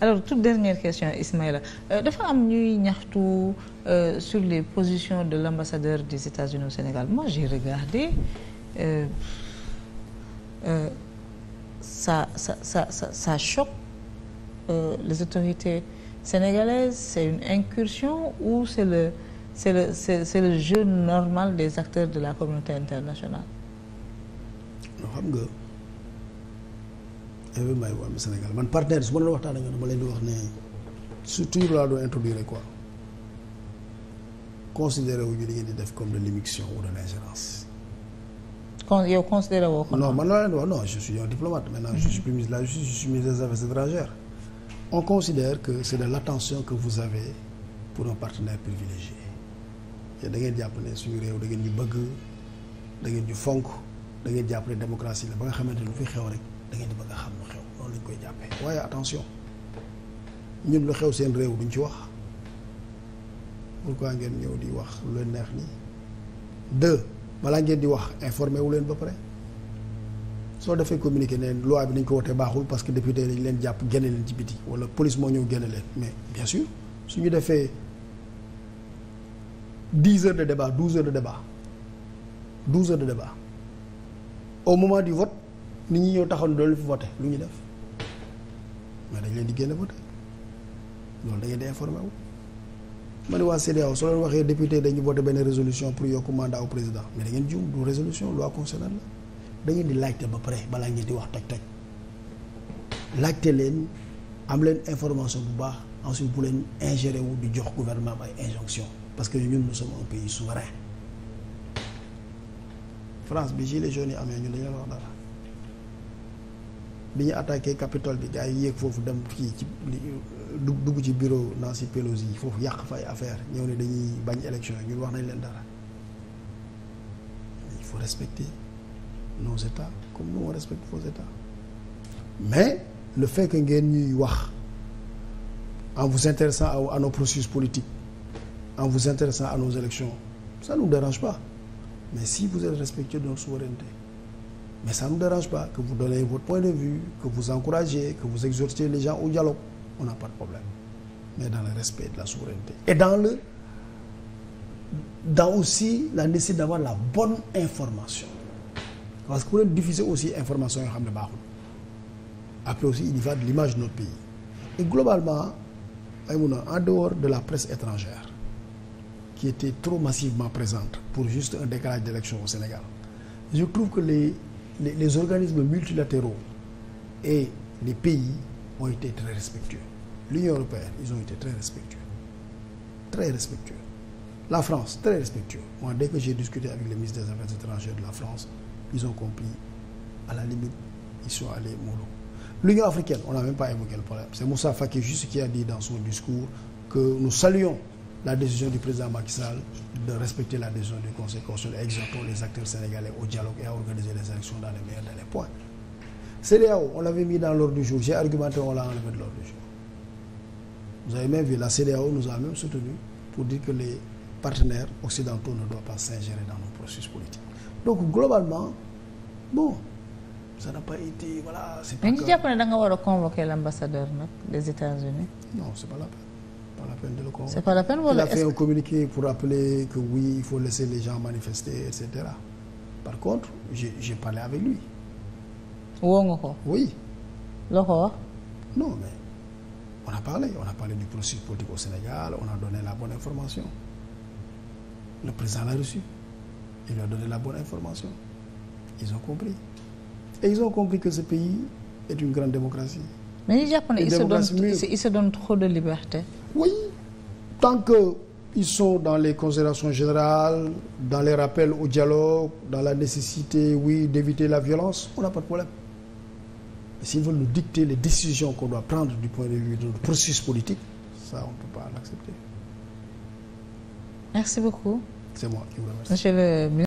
alors toute dernière question Ismaïla euh, dafa am ñuy ñaxtu euh, sur les positions de l'ambassadeur des États-Unis au Sénégal moi j'ai regardé euh, euh, ça ça ça ça ça euh, les autorités sénégalaises c'est une incursion ou c'est le c'est le c'est, c'est le jeu normal des acteurs de la communauté internationale. xam everybody want me Sénégal man partenaire su ma doon waxtaan ak ñoom dama leen di wax ne surtout laa doon introduire quoi considéré wu ñu li di def comme de l'immixtion ou de l'ingérence. con yow considéré woo ko. non man laa leen di wax non je suis un diplomate la justice je suis que c'est de l'attention que pour partenaire privilégié da ngeen jàpp suñu réew da ngeen ñu bëgg da ngeen ñu fonk da ngeen jàpp ne démocratie la ba nga xamante lu fi xew rek. da ngeen di bëgg a xam lu xew loolu lañ koy jàppee waaye attention ñun lu xew seen réew duñ ci wax pourquoi ngeen ñëw di wax lu leen neex nii deux balaa ngeen di wax informé wu leen ba pare soo defee communiqué ne loi bi nañ ko wotee baaxul parce que député dañ leen jàpp génne leen ci biti wala police moo ñëw génne leen mais bien sûr su ñu defee dix heures de débat douze heures de débat douze heures de débat au moment du vote nit ñi ñëw taxaw ne doon fi voté lu ñu def mais dañ leen di génne voté loolu da ngeen di informé wu. ma ne waa CEDEAO soo leen waxee député dañu voté benn résolution pour yokk mandat au président mais da ngeen juum du résolution loi constitutionnelle la da di laajte ba pare balaa ngeen di wax toj-toj laajte leen am leen information bu baax ensuite bu leen ingéré wu di jox gouvernement ay injonction parce que ñun nous sommes un pays souverain France bi gilets jaunes yi amee ñun dañu leen wax dara. bi ñu attaqué capital bi gars yi yéeg foofu dem kii ci dugg ci bureau Nancy Pelosi yi foofu yàq fay affaire ñëw ne dañuy bañ élection yi ñun wax nañ leen dara il faut respecter nos états comme nous on respecte vos états mais lu fekk ngeen ñuy wax en vous intéressant à, à nos processus politiques en vous intéressant à nos élections ça ne nous mais si vous êtes respectueux de notre souveraineté mais ça ne nous dérange pas que vous donnez votre point de vue que vous encouragez que vous exhortez les gens au dialogue on n'a pas de problème mais dans le respect de la souveraineté et dans le dans aussi la nécessité d'avoir la bonne information parce que bu leen diffuser aussi information yoo xam ne baaxul après aussi il y va de l'image de notre pays et globalement ay mun en dehors de la presse étrangère qui était trop massivement présente pour juste un décalage d'élection au Sénégal les, les organismes multilatéraux et les pays ont été très respectueux. L'Union européenne, ils ont été très respectueux. Très respectueux. La France, très respectueux. Moi, dès que j'ai discuté avec le ministre des Affaires étrangères de la France, ils ont compris. À la limite, ils sont allés mollo. L'Union africaine, on n'a même pas évoqué le problème. C'est Moussa Faki juste qui a dit dans son discours que nous saluons la décision du président Macky Sall de respecter la décision du Conseil constitutionnel exhortant les acteurs sénégalais au dialogue et à organiser les élections dans les meilleurs délais point CEDEAO on l'avait mis dans l'ordre du jour j'ai argumenté on l'a enlevé de l'ordre du jour vous avez même vu la CEDEAO nous a même soutenu pour dire que les partenaires occidentaux ne doivent pas s'ingérer dans nos processus politiques donc globalement bon ça n'a a pas la peine de le convaincre. C'est pas la voilà. Il a fait un communiqué pour rappeler que oui, il faut laisser les gens manifester, etc. Par contre, j'ai parlé avec lui. woo nga ko. oui. loo ko wax. non mais on a parlé on a parlé du processus politique au Sénégal on a donné la bonne information le l'a reçu il lui a donné la bonne information ils ont compris et ils ont compris que ce pays est une grande démocratie. mais les Japonais ils se donnent ils se de liberté. oui tant que ils sont dans les considérations générales dans les rappels au dialogue dans la nécessité oui d'éviter la violence on n'a pas de problème. S'ils veulent nous dicter les décisions qu'on doit prendre du point de vue de notre processus politique, ça, on ne peut pas l'accepter. Merci beaucoup. Monsieur le...